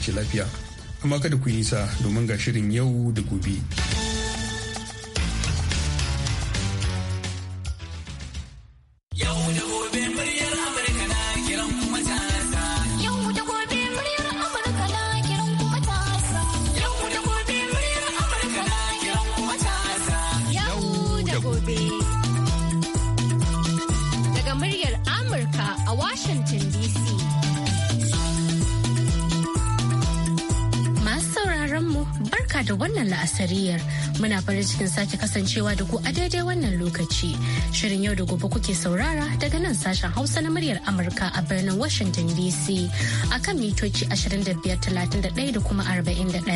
kasance lafiya amma kada ku yi nisa domin ga shirin yau da gobe. cikin sake kasancewa da ku a daidai wannan lokaci. Shirin yau da gobe kuke saurara daga nan sashen Hausa na muryar Amurka a birnin Washington DC a kan mitoci 31 da kuma 41.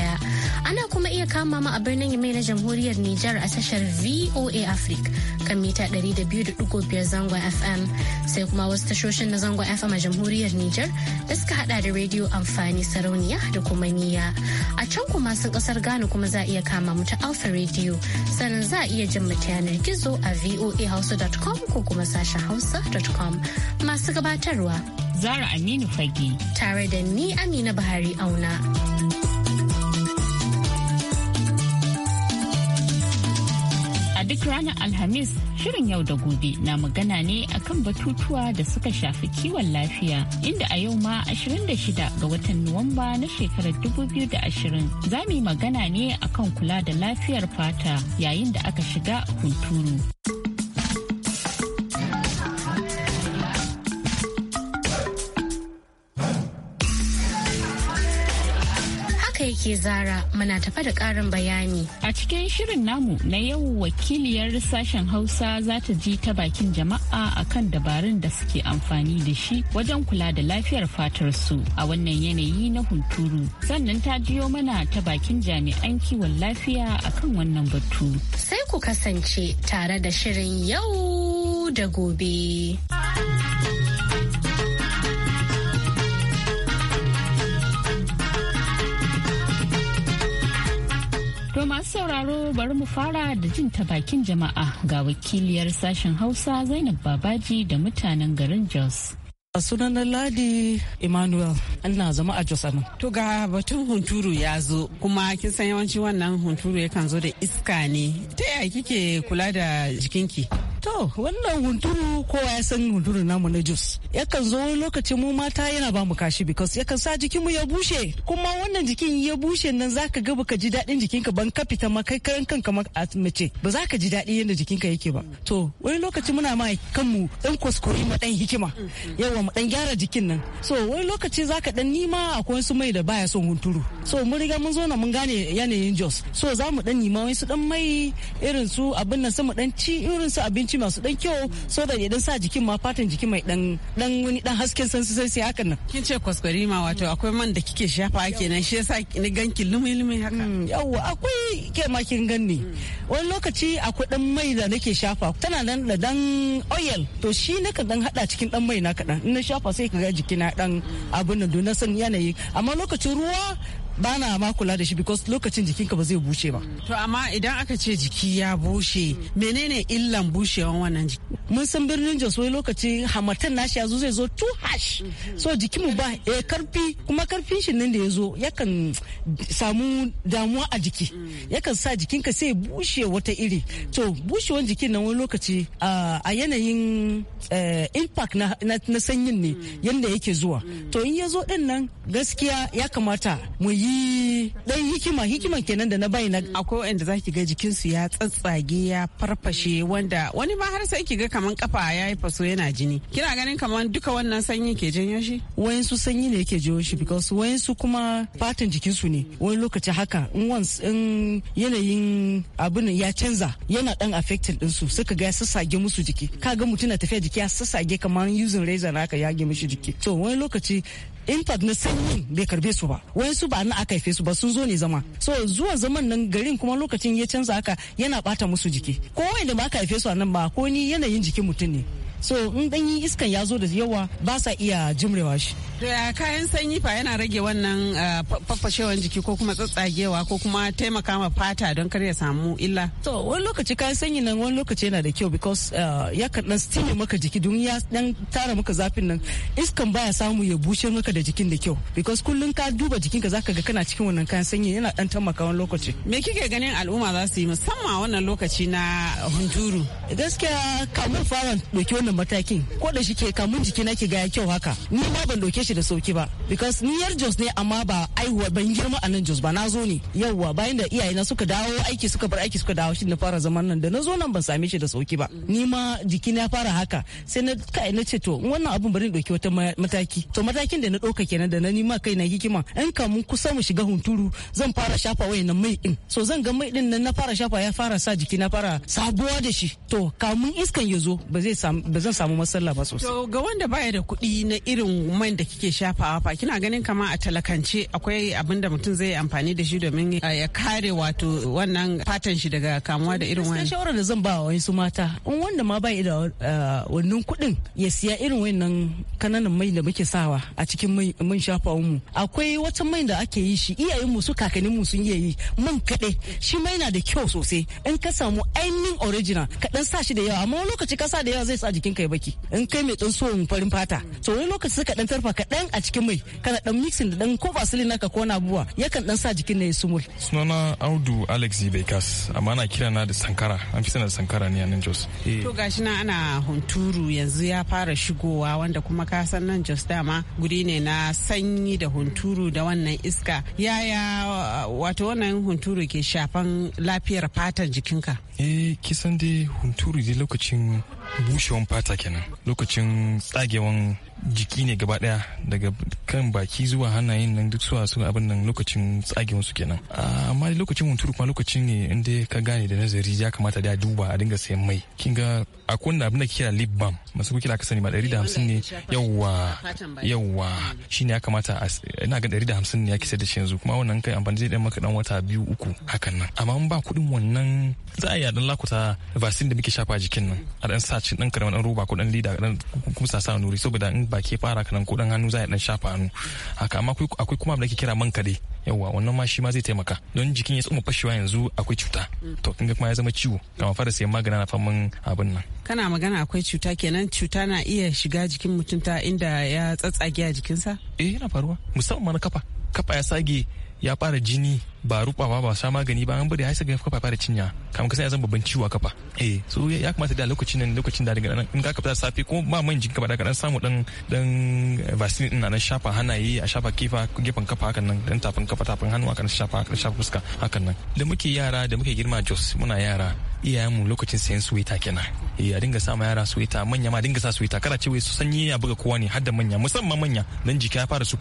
Ana kuma iya kama ma a birnin Yamai na Jamhuriyar Nijar a tashar VOA Africa kan mita 200.5 zangon FM sai kuma wasu tashoshin na zangon FM a Jamhuriyar Nijar da suka hada da rediyo amfani sarauniya da kuma niya. A can kuma sun kasar Ghana kuma za a iya kama mu ta Alpha Radio sannan za a iya jin mata yanar gizo a voahausa.com ko kuma sashen hausa.com masu gabatarwa. Zara Aminu Fage. Tare da ni Amina Buhari Auna. a duk ranar Alhamis shirin yau da gobe na magana ne akan batutuwa da suka shafi kiwon lafiya inda a yau ma 26 ga watan Nuwamba na shekarar 2020 za mu yi magana ne akan kula da lafiyar fata yayin da aka shiga hunturu. ke zara muna tafa da ƙarin bayani. A cikin shirin namu na yau wakiliyar sashen Hausa za ta ji ta bakin jama'a akan dabarun da suke amfani da shi wajen kula da lafiyar fatar su a wannan yanayi na hunturu. Sannan ta jiyo mana ta bakin jami'an kiwon lafiya akan wannan batu. Sai ku kasance tare da shirin yau da gobe. masu sauraro bari mu fara da jin ta bakin jama'a ga wakiliyar sashen Hausa Zainab Babaji da mutanen garin Jos. sunan ladi emmanuel ina zama a jos anan to ga batun hunturu ya zo kuma kin san yawanci wannan hunturu yakan zo da iska ne ta yaya kike kula da jikinki To wannan hunturu kowa ya san hunturu namu na jus. Yakan zo lokacin mu mata yana ba mu kashi because yakan sa jikin mu ya bushe kuma wannan jikin ya bushe nan zaka ga baka ji daɗin ka ban ka ma kai karan kanka ma a mace ba za ka ji daɗi yadda ka yake ba. To wani lokaci muna ma kanmu dan kuskure ma dan hikima yawa mu dan gyara jikin nan. So wani lokaci zaka dan nima akwai wasu mai da baya son hunturu. So mun riga mun zo na mun gane yanayin jos. So za mu dan nima wani su dan mai irin su abin nan su mu dan ci irin su abinci abinci masu dan kyau so da ne dan sa jikin ma fatan jikin mai dan dan wani dan hasken sansu sai sai hakan nan kin ce kwaskwari ma wato akwai man da kike shafa kenan shi yasa ni ganki lumi-lumi haka mm, yawa akwai ke ma kin ganni wani lokaci akwai dan mai da nake shafa tana nan da dan oil to shi na kan dan hada cikin dan mai na kadan in na shafa sai ka ga jikina dan abin da na san yanayi amma lokacin ruwa ba ma kula da shi because lokacin jikinka ba zai bushe ba. To amma idan aka ce jiki ya bushe menene illan bushewan wannan jiki? Mun san birnin Jos wai lokaci hamatan nashi ya zo zai zo too harsh. So jikinmu ba eh karfi kuma karfin shi nan da ya zo yakan samu damuwa a jiki. Yakan sa jikinka sai bushe wata iri. To bushewan jikin nan wani lokaci a yanayin eh, impact na sanyin ne yanda yake zuwa. To in ya zo din nan gaskiya ya kamata mu yi yi dan hikima hikiman kenan da na bai na. akwai wanda zaki ga jikinsu ya tsatsage ya farfashe wanda wani ma har sai ki ga kaman kafa ya yi faso yana jini kina ganin kaman duka wannan sanyi ke janyo shi wayansu sanyi ne yake janyo shi because wayansu kuma fatan jikinsu ne wani lokaci haka in once in yanayin abin ya canza yana dan affecting din su suka ga sassage musu jiki kaga mutum na tafiya jiki ya sassage kaman using razor naka ya ge mishi jiki to wani lokaci infat na sanyin bai karbe su ba su ba na aka haife su ba sun zo ne zama so zuwa zaman nan garin kuma lokacin ya canza haka yana bata musu jiki ko wanda ba aka haife su a nan ba ko ni yanayin jikin mutum ne so in yi iskan ya zo da yawa ba sa iya jimrewa shi kayan sanyi fa yana rage wannan ah, faffashewan jiki ko kuma tsatsagewa ko kuma taimaka ma fata don kar ya samu illa to wani lokaci kayan sanyi nan wani lokaci yana da kyau because ah, ya kan dan stimi maka jiki don ya dan tara maka zafin nan iskan baya samu ya bushe maka da jikin da kyau because kullun ka duba jikinka zaka ga kana cikin wannan kayan sanyi yana dan taimaka wani lokaci me kike ganin al'umma za su yi musamman wannan lokaci na hunturu gaskiya kamar fara doki wannan wannan matakin ko da shi ke kamun jiki nake ga ya kyau haka ni ma ban doke shi da sauki ba because ni yar Jos ne amma ba aiwa ban girma a Jos ba na zo ne yauwa bayan da iyayena suka dawo aiki suka bar aiki suka dawo shi na fara zaman nan da na zo nan ban same shi da sauki ba ni ma jiki na fara haka sai na kai na ce to wannan abun bari doke wata mataki to matakin da na doka kenan da na nima kai na hikima in kamun kusa mu shiga hunturu zan fara shafa wayannan mai din so zan ga mai din nan na fara shafa ya fara sa jiki na fara sabuwa da shi to kamun iskan ya zo ba zai zan samu matsala ba sosai. To ga wanda baya da kuɗi na irin man da kike shafawa fa kina ganin kama a talakance akwai abin da mutum zai amfani da shi domin eh, ya kare wato wannan fatan shi daga kamuwa da irin wannan. Shawara da zan ba wa wasu mata in wanda ma bai da eh, wannan kuɗin ya siya irin wannan kananan mai da muke sawa a cikin man shafawun mu. Akwai wata mai da ake yi shi iyayen mu su kakannin mu sun iya yi man kaɗai shi mai na da kyau sosai in ka samu ainihin original kaɗan sa shi da yawa amma wani lokaci ka sa da yawa zai sa jikin jikin kai baki in kai mai dan farin fata to wani lokaci suka dan tarfa kaɗan a cikin mai kana dan mixing da dan ko vaseline naka ko na buwa yakan dan sa jikin ne ya sumul sunana audu alex bekas amma ana kira na da sankara an fi sanar sankara ne a nan jos eh. to gashi na ana hunturu yanzu ya fara shigowa wanda kuma ka san nan jos dama guri ne na sanyi da hunturu da wannan iska yaya wato wannan hunturu ke shafan lafiyar fatan jikinka eh kisan dai hunturu dai lokacin bushewan fata kenan lokacin tsagewan jiki ne gaba daya daga kan baki zuwa hannayen nan duk suwa su abin nan lokacin tsagewan su kenan amma lokacin hunturu kuma lokacin ne inda ka gane da nazari ya kamata da duba a dinga sayan mai kin ga kunna abin da kira lip balm masu ku kira ka sani ba 150 ne yawwa yawwa shine ya kamata ina ga 150 ne ya kisa da shi yanzu kuma wannan kai amfani zai dan maka dan wata biyu uku hakan nan amma ba kudin wannan za a yi dan lakuta vaccine da muke shafa jikin nan a dan sa cin dan karaman dan roba ko dan leader dan kumsa sa nuri saboda in baki fara kanan kudin hannu za ya dan shafa hannu haka amma akwai kuma da ke kira man kade yawa wannan ma shi ma zai taimaka don jikin ya tsuma fashewa yanzu akwai cuta mm. to kin ga kuma ya zama ciwo kama fara sayan magana na famin abin nan kana magana akwai cuta kenan cuta na iya shiga jikin mutum ta inda ya tsatsage a jikinsa eh yana faruwa musamman na kafa kafa ya sage ya fara jini ba rubawa ba sa magani ba an bari har sai ga kafa fara cinya kamar kasan ya zama babban ciwo a kafa eh so ya kamata da lokacin nan lokacin da daga nan in ka fita safe ko ba man jinka ba daga nan samu dan dan vaccine din nan shafa hannaye a shafa kifa gefen kafa hakan nan dan tafin kafa tafin hannu hakan shafa hakan shafa fuska hakan nan da muke yara da muke girma jos muna yara iyayenmu lokacin sayan suwita kenan eh a dinga sa ma yara suwita manya ma dinga sa suwita kada ce wai su sanyi ya buga kowa ne hadda manya musamman manya dan jiki ya fara su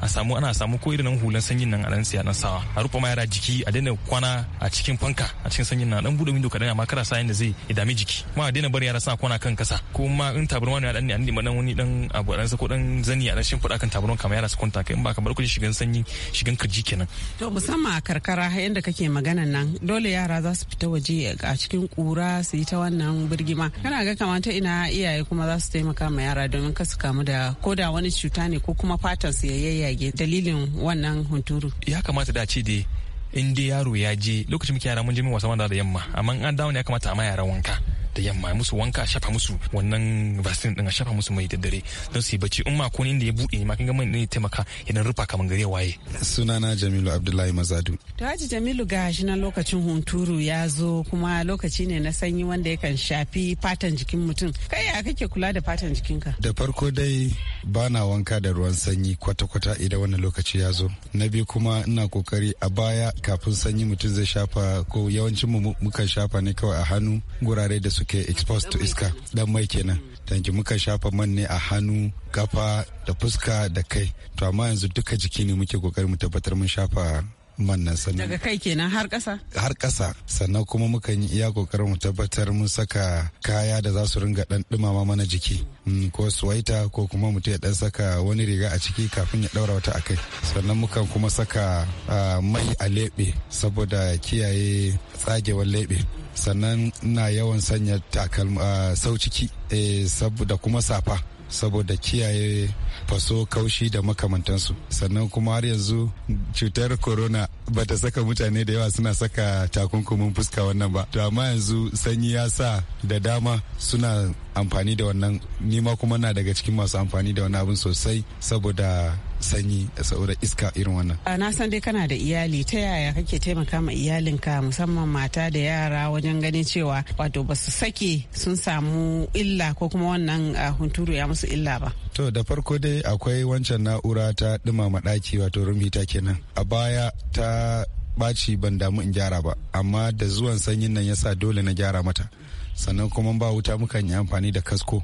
a samu ana samu ko irin hulan sanyin nan a nan siya nan sawa a rufe ma yara jiki a daina kwana a cikin fanka a cikin sanyin nan na dan bude window kadan amma kada sa yanda zai ya dami jiki ma a daina bari yara sa kona kan kasa kuma in tabarma ne a dan ne an dan wani dan abu dan ko dan zani a dan fada kan tabarma kamar yara su kunta kai in ba kamar kuji shigan sanyi shigan kirji kenan to musamman a karkara yanda kake maganan nan dole yara za su fita waje a cikin kura su yi ta wannan birgima kana ga ta ina iyaye kuma za su taimaka ma yara domin ka su kamu da ko da wani cuta ne ko kuma fatan su yayyage dalilin wannan hunturu ya kamata da ce dai in dai yaro ya je lokacin muke yara mun je min wasa wanda da yamma amma an dawo ne ya kamata a ma yaran wanka da yamma musu wanka a shafa musu wannan vaccine din a shafa musu mai daddare dare don su yi bacci in ma ko da ya bude ma kin ga mai ne taimaka idan rufa kaman gare waye sunana Jamilu Abdullahi Mazadu to Haji Jamilu ga shi nan lokacin hunturu ya zo kuma lokaci ne na sanyi wanda yakan shafi fatan jikin mutum kai ya kake kula da fatan jikinka da farko dai bana wanka da ruwan sanyi kwata-kwata idan wannan lokaci ya zo na biyu kuma ina kokari a baya kafin sanyi mutum zai shafa ko yawancin mu muka shafa ne kawai a hannu gurare da su suke exposed to iska dan mai kenan tanki muka shafa man ne a hannu gafa da fuska da kai to amma yanzu duka jiki ne muke kokarin mu tabbatar mun shafa Mannan sanin. daga kai kenan har ƙasa har ƙasa sannan kuma mukan yi iya kokarin mu tabbatar mun saka kaya da za su ringa ɗan ɗumama mana jiki mm, ko suwaita ko kuma mutum ya dan saka wani riga a ciki kafin ya ɗaura wata a kai. sannan mukan kuma saka mai a leɓe saboda kiyaye tsagewar leɓe sannan na yawan sanya takalma sau ciki eh, saboda kuma safa saboda kiyaye faso kaushi da makamantansu sannan kuma har yanzu cutar corona ba ta saka mutane da yawa suna saka takunkumin fuska wannan ba to amma yanzu sanyi ya sa da dama suna amfani da wannan nima kuma na daga cikin masu amfani da wani abin sosai saboda sanyi saboda iska irin wannan. A na san dai kana da iyali ta yaya kake taimaka ma iyalinka musamman mata da yara wajen ganin cewa wato ba su sake sun samu illa ko kuma wannan hunturu ya musu illa ba. To da farko dai akwai wancan na'ura ta dumama ɗaki wato room heater kenan. A baya ta ɓaci ban damu in gyara ba amma da zuwan sanyin nan yasa dole na gyara mata. sannan kuma ba wuta mukan yi amfani da kasko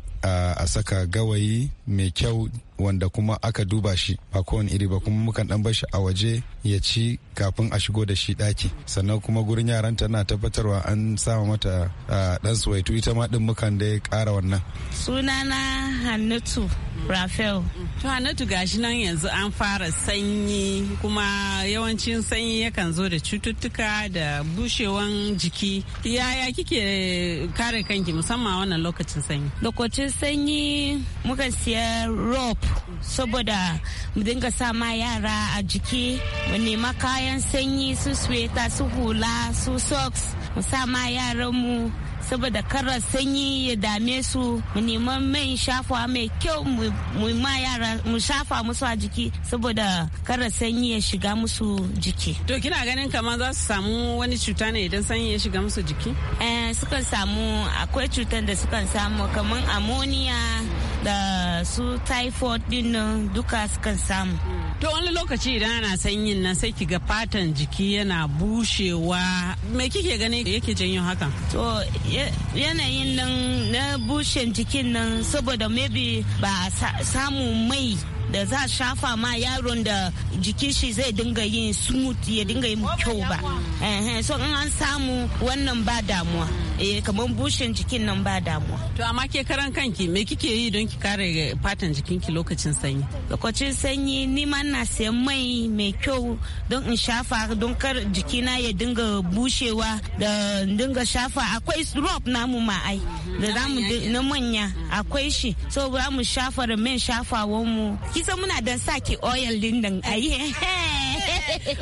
a saka gawayi mai kyau wanda kuma aka duba shi ba kowane iri ba kuma mukan dan bashi a waje ya ci kafin a shigo da shi daki sannan kuma gurin yaran tana tabbatarwa an sama mata dan suwaitu ita ma din mukan dai kara wannan sunana hannatu Rafael. To hannutu gashi nan yanzu an fara sanyi kuma yawancin sanyi yakan zo da cututtuka da bushewan jiki. Yaya kike kare kanki musamman wannan lokacin sanyi? Lokacin sanyi muka siya rob saboda mu dinga sa ma yara a jiki mu nema kayan sanyi su sweta su hula su socks mu sa ma mu saboda karar sanyi ya dame su mu nema mai shafa mai kyau mu ma yara mu shafa musu a jiki saboda karar sanyi ya shiga musu jiki to kina ganin kamar za su samu wani cuta ne idan sanyi ya shiga musu jiki eh sukan samu akwai cutar da sukan samu kamar ammonia da su typhoid din nan duka sukan samu. To wani lokaci idan ana sanyin nan sai kiga fatan jiki yana bushewa me kike gani yake janyo hakan? To yanayin nan na bushen jikin nan saboda maybe ba samu mai da za shafa ma yaron da jikin shi zai dinga yin smooth ya dinga yin kyau ba. So in an samu wannan ba damuwa. eh kamar bushin jikin nan ba damuwa to amma ke karan kanki me kike yi don ki kare fatan jikinki lokacin sanyi lokacin sanyi ni ma na sayan mai mai kyau don in shafa don kar jikina ya dinga bushewa da dinga shafa akwai rob namu ma ai da zamu na manya akwai shi so za mu shafa da man shafawan mu kisa muna dan saki oil din nan ai eh, eh.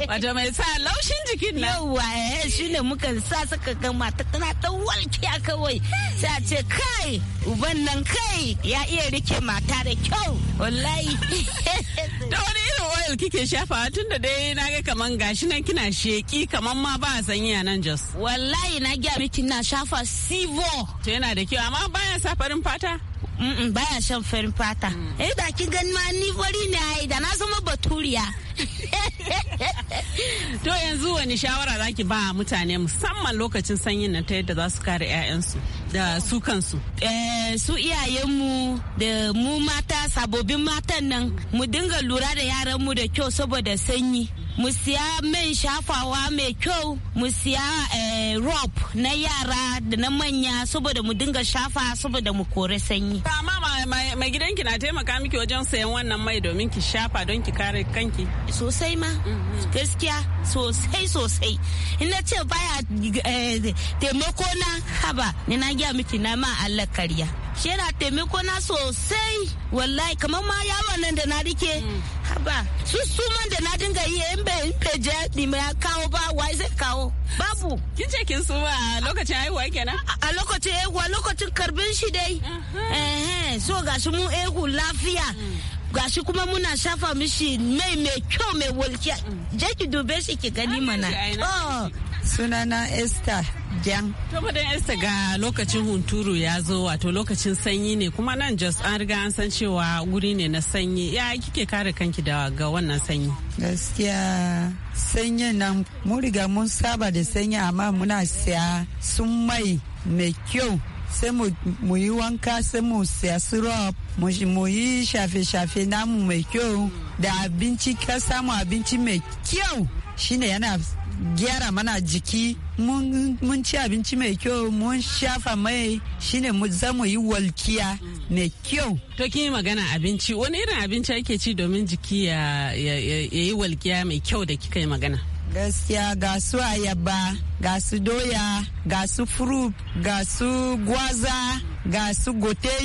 wato mai sa laushin jikin na yawa eh, shi ne muka sa saka ga mata tana ta walkiya kawai sai a ce kai uban nan kai ya iya rike mata da kyau wallahi da wani irin oil kike shafawa tun da dai na ga kaman gashi nan kina sheki kaman ma ba sanyi a nan jos wallahi na gyara. miki na shafa sivo to yana da kyau amma baya safarin fata Mm baya shan farin fata. Mm. Eh da ki gani ma ni fari ne ai da na zama baturiya. To yanzu wani shawara zaki ba mutane musamman lokacin sanyin nan ta yadda za su kare 'ya'yansu da su kansu. Eh, su iyayenmu da mu mata sabobin matan nan mu dinga lura da yaranmu da kyau saboda sanyi. mu siya man shafawa mai kyau mu siya eh, rob na yara da na manya saboda mu dinga shafa saboda mu kore sanyi amma mai gidanki na taimaka miki wajen sayan wannan mai domin ki shafa don ki kare kanki sosai ma mm-hmm. gaskiya sosai sosai ina ce baya eh, taimako na haba ni na gya miki na ma Allah karya shi yana taimako na sosai wallahi kamar ma yawon nan da na rike mm. haba su suman da na dinga yi in bai je nima ya kawo ba wai zai kawo babu kin ce kin suma a lokacin haihuwa kenan a lokacin haihuwa lokacin karbin shi dai eh so gashi mun ehu lafiya mm. gashi kuma muna shafa mishi mai mai kyau mai walkiya mm. je ki dube shi ki gani mana sunana esther jan madan esther ga lokacin hunturu ya zo wato lokacin sanyi ne kuma nan jos an riga an san cewa wuri ne na sanyi ya kike kare kanki da ga wannan sanyi gaskiya sanyin nan mun riga mun saba da sanyi amma muna siya sun mai mai kyau sai mu yi wanka sai mu siya syrup mu yi shafe-shafe namu mai kyau da abinci ka samu abinci mai kyau shine yana gyara mana jiki mun ci abinci mai kyau mun shafa mai shine mu zamu yi walkiya mai kyau to kin magana abinci wani irin abinci ake ci domin jiki ya yi walkiya mai kyau da kika yi magana gaskiya ga su ayaba ga su doya ga su fruit ga su gwaza ga su gote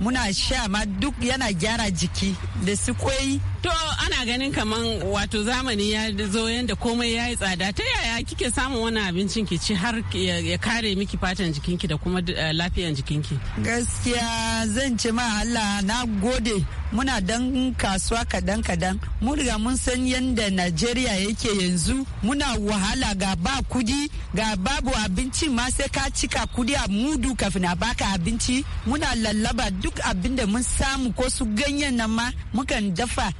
muna sha ma duk yana gyara jiki da su kwai to ana ganin kaman wato zamani ya zo yadda komai ya yi tsada ta yaya kike samun wani abincin ki ci har ya kare miki fatan jikinki da kuma eh, lafiyan jikinki gaskiya zan ce ma Allah na gode muna dan kasuwa kadan kadan mun riga mun san yadda Najeriya yake yanzu muna wahala ga ba kudi ga babu abinci ma sai ka cika kudi a mudu kafin a baka abinci muna lallaba duk duk abin da mun samu ko su ganyen nan ma mukan dafa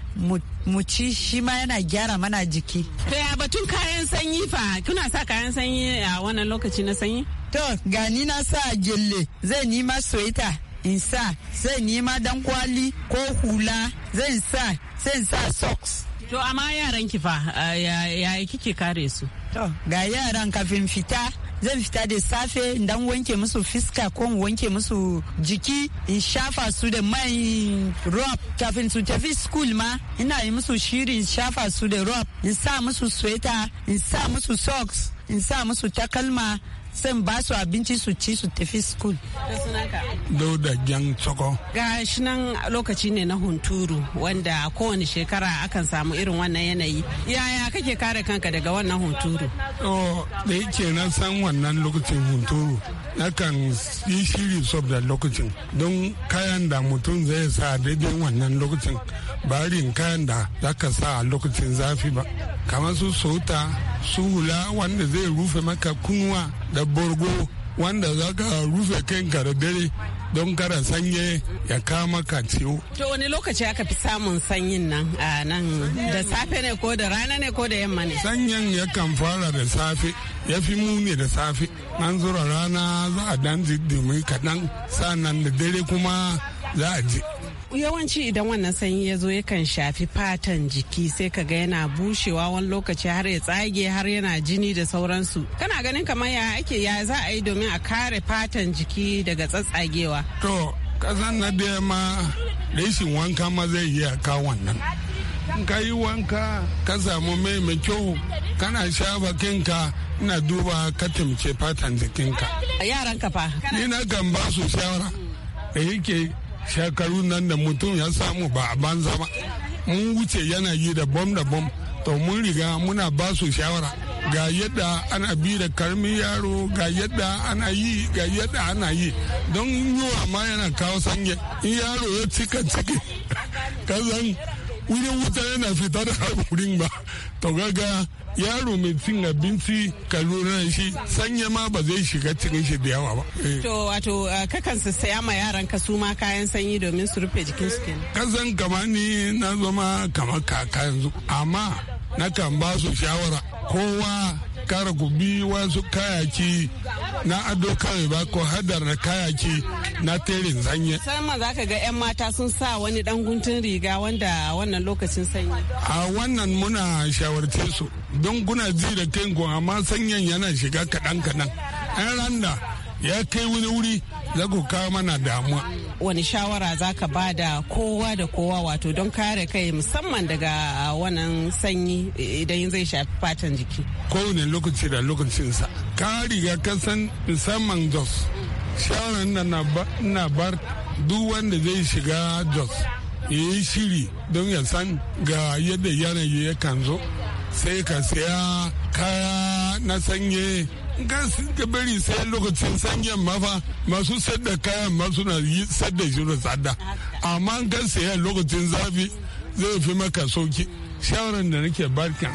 mu ci shi ma yana gyara mana jiki. To ya batun kayan sanyi fa kuna sa kayan sanyi a wannan lokaci na sanyi? To gani na sa gelle zai nima soyita in sa zai nima dan kwali ko hula zai sa zai sa socks. To amma yaran ki fa ya kike kare su? To ga yaran kafin fita zan fita da safe dan wanke musu fiska ko wanke musu jiki in shafa su da mai rob kafin su tafi school ma ina yi musu shiri in shafa su da rob in sa musu sweater in sa musu socks in sa musu takalma sai ba su abinci su ci su tafi school dauda gyan tsoko ga shi nan lokaci ne na hunturu wanda kowane shekara akan samu irin wannan yanayi yaya kake kare kanka daga wannan hunturu oh da yake na san wannan lokacin hunturu nakan yi shiri da lokacin don kayan da mutum zai sa daidai wannan lokacin barin kayan da zaka sa a lokacin zafi ba kamar su sota su hula wanda zai rufe maka kunuwa da borgo wanda za ka rufe kanka da dare don kada sanye ya kama ka To wani lokaci aka fi samun sanyin nan a nan da safe ne ko da rana ne ko da yamma ne? Sanyin kan fara da safe ya fi muni da safe. An zura rana za a dan ji domin kaɗan nan da dare kuma za a ji. yawanci idan wannan sanyi ya zo yakan shafi fatan jiki sai ka ga yana bushewa wani lokaci har ya tsage har yana jini da sauransu kana ganin kamar ya ake ya za a yi domin a kare fatan jiki daga tsatsagewa to kasan na da ma rashin wanka ma zai a ka wannan in ka yi wanka ka samu mai mai kyau kana shafa kinka ina duba ka taimake fatan jikinka yaran ka fa ni na kan su shawara da yake shekaru nan da mutum ya samu ba a banza ba mun wuce yana yi da bom da bom to mun riga muna ba su shawara ga yadda ana bi da karmin yaro ga yadda ana yi ga yadda ana yi don yiwa ma yana kawo sanye in yaro ya cika ciki kazan wurin wuta yana fita da wurin ba to gaga yaro mai cin abinci ka lura shi sanya ma ba zai shiga cikin shi da yawa ba. Eh. To wato uh, kakan su saya ma yaran ka su ma kayan sanyi domin su rufe jikin su kenan. Kasan kama ni na zama kama kaka yanzu amma na kan ba su shawara kowa kara ku bi wasu kayaki na ado kawai ba ko hadar na kayaki na tere sanyi sama za ka ga 'yan mata sun sa wani dan guntun riga wanda wannan lokacin sanyi a wannan muna shawarce su don guna ji da kai amma sanyin yana shiga kaɗan kaɗan an randa ya kai wani wuri za ku kawo mana damuwa. Wani shawara za ka ba da kowa da kowa wato don kare kai musamman daga wannan sanyi idan zai shafi fatan jiki. Kowane lokaci da lokacinsa. Ka riga ka san musamman Jos. shawarar na bar duk wanda zai shiga jos ya yi shiri don ya san ga yadda yanayi ya kan zo sai ka saya kaya na sanye ga ka bari sai lokacin sanyen mafa masu sadda kayan masu na yi sadda shi da tsada amma kan siya lokacin zafi zai fi maka sauki shawarar da nake barkan.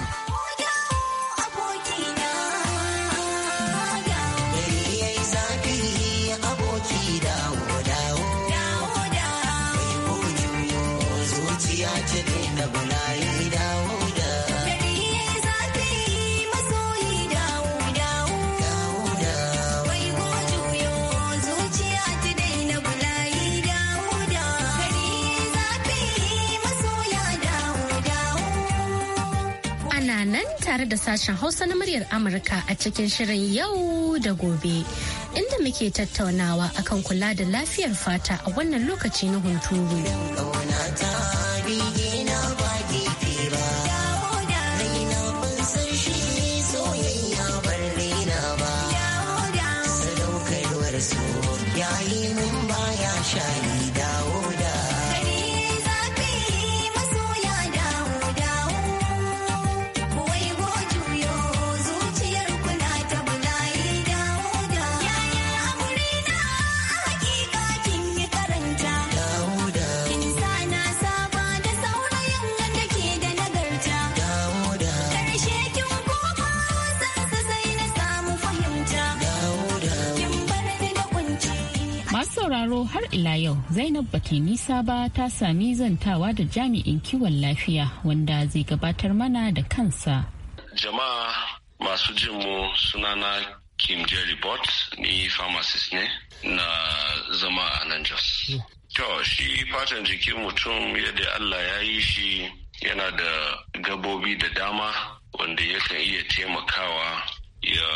tare da sashen Hausa na muryar Amurka a cikin shirin yau da gobe, inda muke tattaunawa akan kula da lafiyar fata a wannan lokaci na hunturu. har ila yau zainab bata nisa ba ta sami zantawa da jami'in kiwon lafiya wanda zai gabatar mana da kansa jama'a masu jinmu sunana kim jerry bot ni pharmacist ne na zama a nan jos to shi fatan jikin mutum yadda allah ya yi shi yana da gabobi da dama wanda yakan iya taimakawa ya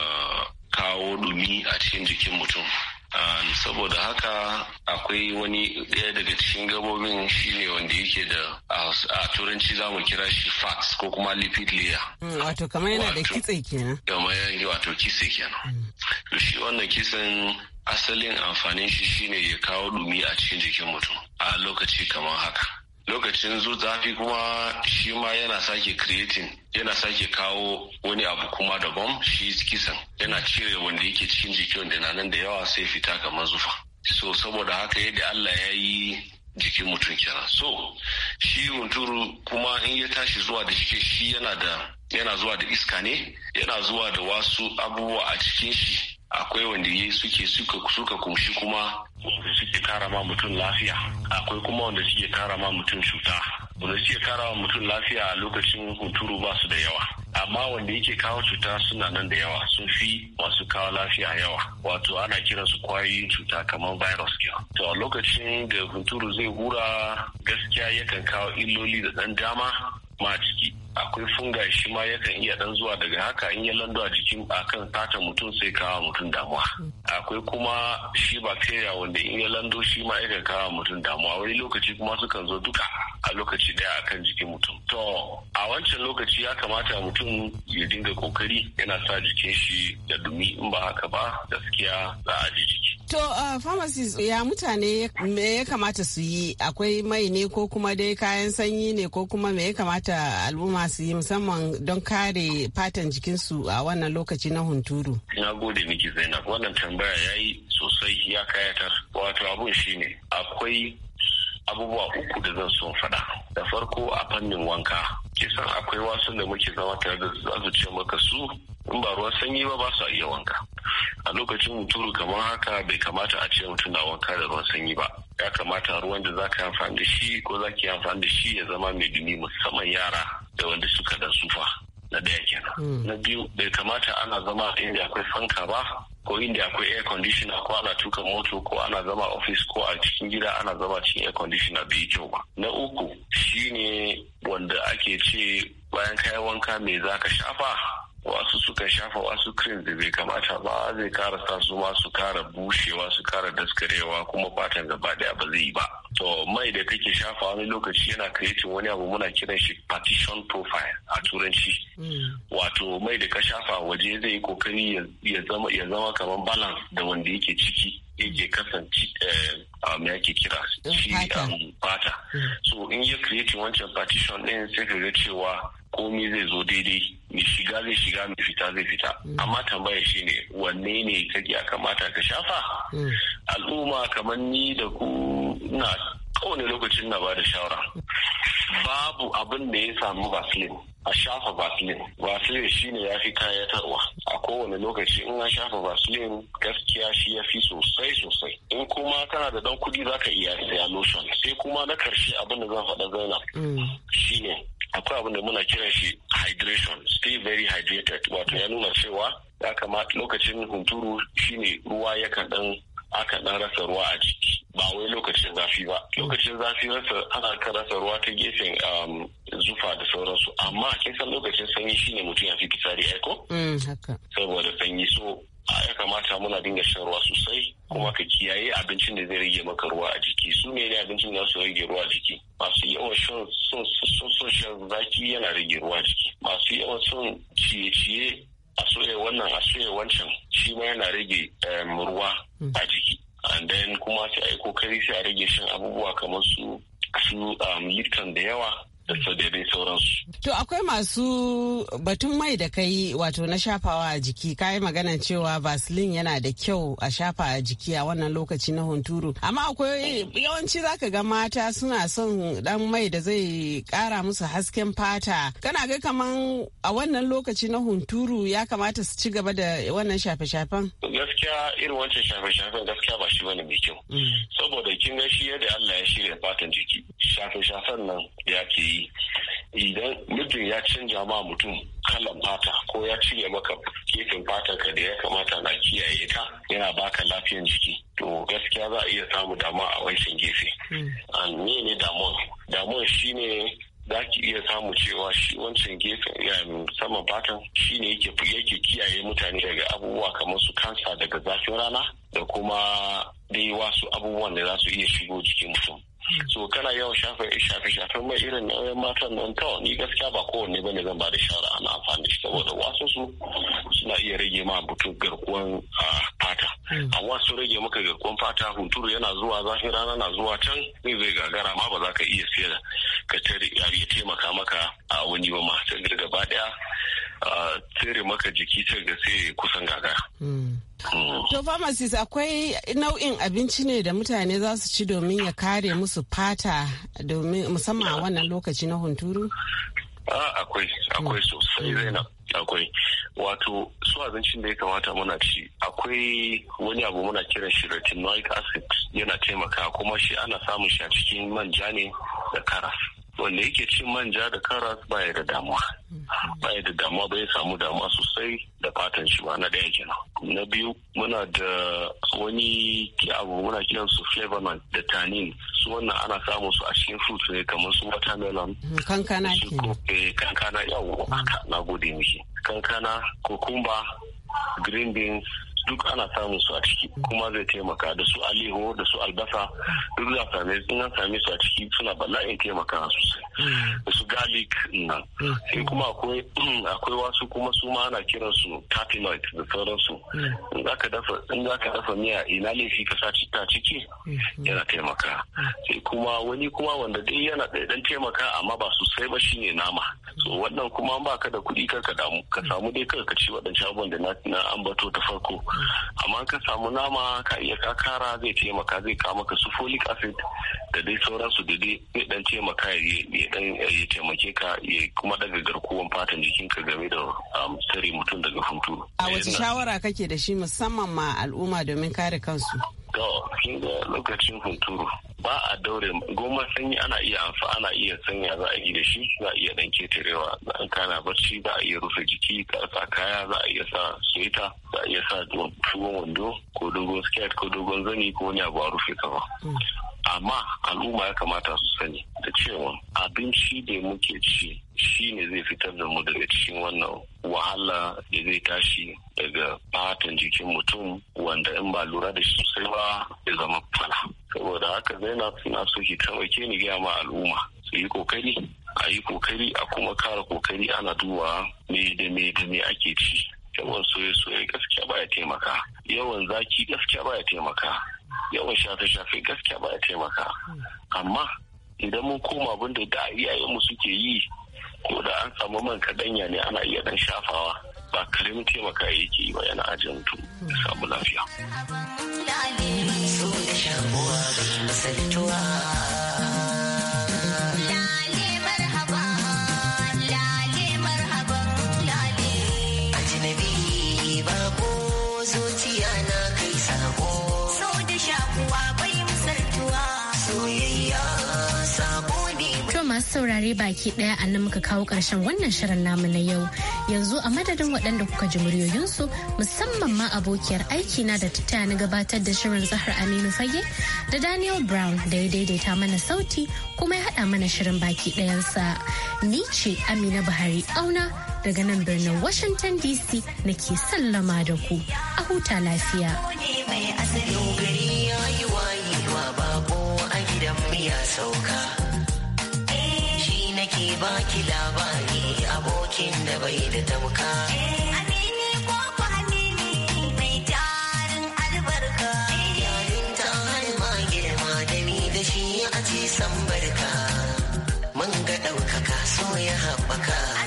kawo dumi a cikin jikin mutum Um, saboda haka akwai wani ɗaya daga cikin gabobin shine wanda yake da a turanci za mu kira shi fat ko kuma lipid layer hmm, wato kamar yana da kitse kenan kamar yana wato kitse kenan hmm. to shi wannan kitsen asalin amfanin shi shine ya kawo dumi a cikin jikin mutum a lokaci kamar haka lokacin zu zafi kuma shi ma yana sake creating yana sake kawo wani abu kuma daban shi kisan yana cire wanda yake cikin jiki wanda na nan da yawa sai fita kamar zufa so saboda haka yadda Allah ya yi jikin mutum kenan so shi hunturu kuma in ya tashi zuwa da shike shi yana da yana zuwa da iska ne yana zuwa da wasu abubuwa a cikin shi akwai wanda ya suke suka kumshi kuma wanda suke kara ma mutum lafiya akwai kuma wanda suke kara ma mutum cuta wanda suke kara ma mutum lafiya a lokacin hunturu ba su da yawa amma wanda yake kawo cuta suna nan da yawa sun fi masu kawo lafiya yawa wato ana kiran su kwayoyin cuta kamar virus kenan to a lokacin da hunturu zai hura gaskiya yakan kawo illoli da dan dama ma ciki akwai funga shi ma yakan iya dan zuwa daga haka in ya lando a jikin akan fatan mutum sai kawo mutum damuwa akwai kuma shi bacteria wanda in ya lando shi ma yakan kawo mutum damuwa wani lokaci kuma sukan zo duka a lokaci daya a kan jikin mutum to a wancan lokaci ya kamata mutum ya dinga kokari yana sa jikin shi da dumi in ba haka ba gaskiya za a ji jiki To uh, ya mutane me ya kamata su yi akwai mai ne ko kuma dai kayan sanyi ne ko kuma me ya kamata al'umma su yi musamman don kare fatan jikinsu a wannan lokaci na hunturu. Na gode miki Zainab wannan tambaya ya yi sosai ya kayatar wato abun shine akwai abubuwa uku da zan so faɗa da farko a fannin wanka kisan akwai wasan da muke zama tare da azuce maka su in ba ruwan sanyi ba ba su iya wanka a lokacin muturu kamar haka bai kamata a ce mutum na wanka da ruwan sanyi ba ya kamata ruwan da zaka ka amfani da shi ko zaki ki amfani da shi ya zama mai dumi musamman yara da wanda suka dan sufa na daya kenan hmm. na biyu bai kamata ana zama inda akwai fanka ba ko inda akwai air conditioner ko ana tuka moto ko ana zama office ko a cikin gida ana zama cikin air conditioner bai kyau ba na uku shine wanda ake ce bayan kayan wanka me zaka shafa wasu suka shafa wasu cream da bai kamata ba zai kara sa su ma su kara bushewa su kara daskarewa kuma fatan gaba daya ba zai yi ba to mai da kake shafa wani lokaci yana creating wani abu muna kiran shi partition profile a turanci mm. wato mai da ka shafa waje zai yi kokari ya zama kamar balance da wanda yake ciki yake kasance a eh, me um, yake kira shi fata um, mm. so in ya creating wancan partition din sai ka ga cewa komai zai zo daidai mai shiga zai shiga mai fita zai fita mm. amma tambaya shine wanne ne kake ya kamata ka shafa mm. al'umma kamar ni da ku na kowane lokacin na ba da shawara babu abin da ya samu vaseline a shafa vaseline vaseline shine ya fi kayatarwa a kowane lokaci in an shafa vaseline gaskiya shi ya fi sosai sosai in kuma kana da dan kudi zaka iya siya lotion sai kuma na karshe abin da zan faɗa zainab mm. shine akwai abin da muna kiran shi hydration stay very hydrated wato ya nuna cewa ya kamata lokacin hunturu shine ruwa ya kan dan aka dan rasa ruwa a jiki ba wai lokacin zafi ba lokacin zafi rasa ana ka rasa ruwa ta gefen um, zufa da sauransu amma kin san lokacin sanyi shine mutum ya fi kisari aiko mm, saboda sanyi so ya kamata muna dinga shan ruwa sosai kuma ka kiyaye abincin da zai rage maka ruwa a jiki su ne abincin da su rage ruwa a jiki masu yawan son shan zaki yana rage ruwa a jiki masu yawan son ciye-ciye a soya wannan a soya wancan shi ma yana rage ruwa a jiki and then kuma sai a yi kokari sai a rage shan abubuwa kamar su su litan da yawa da daidai sauransu. To akwai masu batun mai da kai wato na shafawa a jiki kayi magana cewa vaseline yana da kyau a shafa a jiki a wannan lokaci na hunturu amma akwai yawanci zaka ga mata suna son dan mai da zai kara musu hasken fata kana ga kaman a wannan lokaci na hunturu ya kamata su ci gaba da wannan shafe-shafen. Gaskiya irin wancan shafe-shafen gaskiya ba shi bane mai kyau mm. saboda kin ga shi yadda Allah ya shirya fatan jiki shafe-shafen nan ya ke yi yi idan mijin ya canja ma mutum kalan fata ko ya cire maka kefin fatan ka da ya kamata na kiyaye ta yana baka lafiyan jiki to gaskiya za a iya samu dama a wancan gefe hmm. an ne damuwan damuwan shine za ki iya samu cewa shi wancan gefen ya fatan shi ne yake yake kiyaye mutane daga abubuwa kamar su kansa daga zafin rana da kuma dai wasu abubuwan da za su iya shigo jikin mutum so kana yawan shafe shafe shafe mai irin na matan nan kawai ni gaskiya ba kowanne bane zan ba da shara ana amfani da shi saboda wasu su suna iya rage ma mutum garkuwan fata hmm. amma su rage maka garkuwan fata hunturu yana zuwa zafin rana na zuwa can ni zai gagara ma ba za ka iya siya ka tare ya taimaka maka a wani ba ma gaba daya tsere maka jiki sai ga kusan gaga. Hmm. Hmm. To pharmacist akwai nau'in abinci ne da mutane za su ci domin ya kare musu fata domin musamman a wannan lokaci na hunturu? Ah, akwai akwai hmm. sosai zainab akwai wato su abincin da ya kamata muna ci akwai wani abu muna kiran shi retinoic acid yana taimaka kuma shi ana samun shi a cikin manja ne da karas wanda yake cin manja da karas baya da damuwa baya da damuwa bai samu damuwa sosai da fatan shi ba na daya kenan na biyu muna da wani abu muna kiran su flavonoid da Tanin su wannan ana samun su a cikin fruit ne kamar su watermelon kankana ke eh, kankana yawo na gode miki kankana kokumba green beans duk ana samun su a ciki kuma zai taimaka da su aliho da su albasa duk za same su an same su a ciki suna bala'in taimaka sosai da su garlic nan mm. sai kuma mm, akwai wasu kuma su ma ana kiran su tatinoid da sauransu mm. in za ka dafa miya ina laifi ka sa ta ciki mm-hmm. yana taimaka sai kuma wani kuma wanda dai yana dan taimaka amma ba sosai ba shine nama so wannan kuma ba ka da kuɗi kar ka damu ka samu dai kar ka ci waɗancan abubuwan da na ambato ta farko amma ka samu nama ka iya kakara zai taimaka zai kawo maka su folic acid da dai sauransu da dai zai dan taimaka ya dan ya taimake ka ya kuma daga garkuwan fatan jikin ka game da um, tsari mutum daga hunturu. a wace shawara kake da shi musamman ma al'umma domin kare kansu To, kin ga lokacin hunturu ba a daure goma sanyi ana iya amfa ana iya sanya za a yi da shi za a iya dan ketarewa za a kana barci za a iya rufe jiki ka kaya za a iya sa sweta za a iya sa dogon wando ko dogon skirt ko dogon zani ko wani abu a rufe kafa. Hmm. amma al'umma ya kamata su sani da cewa abinci da muke ci shi ne zai fitar da mu daga cikin wannan wahala da zai tashi daga fatan jikin mutum wanda in ba lura da shi sosai ba ya zama fala saboda haka zainab na so ki taimake ni gaya ma al'umma su yi kokari a yi kokari a kuma kara kokari ana duba me da me da me ake ci yawan soye-soye gaskiya baya taimaka yawan zaki gaskiya baya taimaka yawan shafe-shafe gaskiya ba ya taimaka amma idan mun koma abin da da iyayenmu suke yi ko da an samu man kadanya ne ana iya dan shafawa ba karamin taimaka yake yi ba yana ajin mutum ya samu lafiya. masu saurare baki daya a nan muka kawo karshen wannan shirin namu na yau yanzu a madadin waɗanda kuka ji muryoyinsu musamman ma abokiyar aiki na da ta na gabatar da shirin zahar aminu fage da daniel brown da ya daidaita mana sauti kuma ya haɗa mana shirin baki ɗayansa ni ce amina buhari auna daga nan birnin washington dc na ke sallama da ku a huta lafiya. mai asalin gari ya yi wayewa a gidan sauka. baki labari abokin da bai da tamka. Eh, amini ko ku amini mai tarin albarka. Yarinta har ma girma da ni da shi a ci san barka. Mun ga ɗaukaka so ya haɓaka.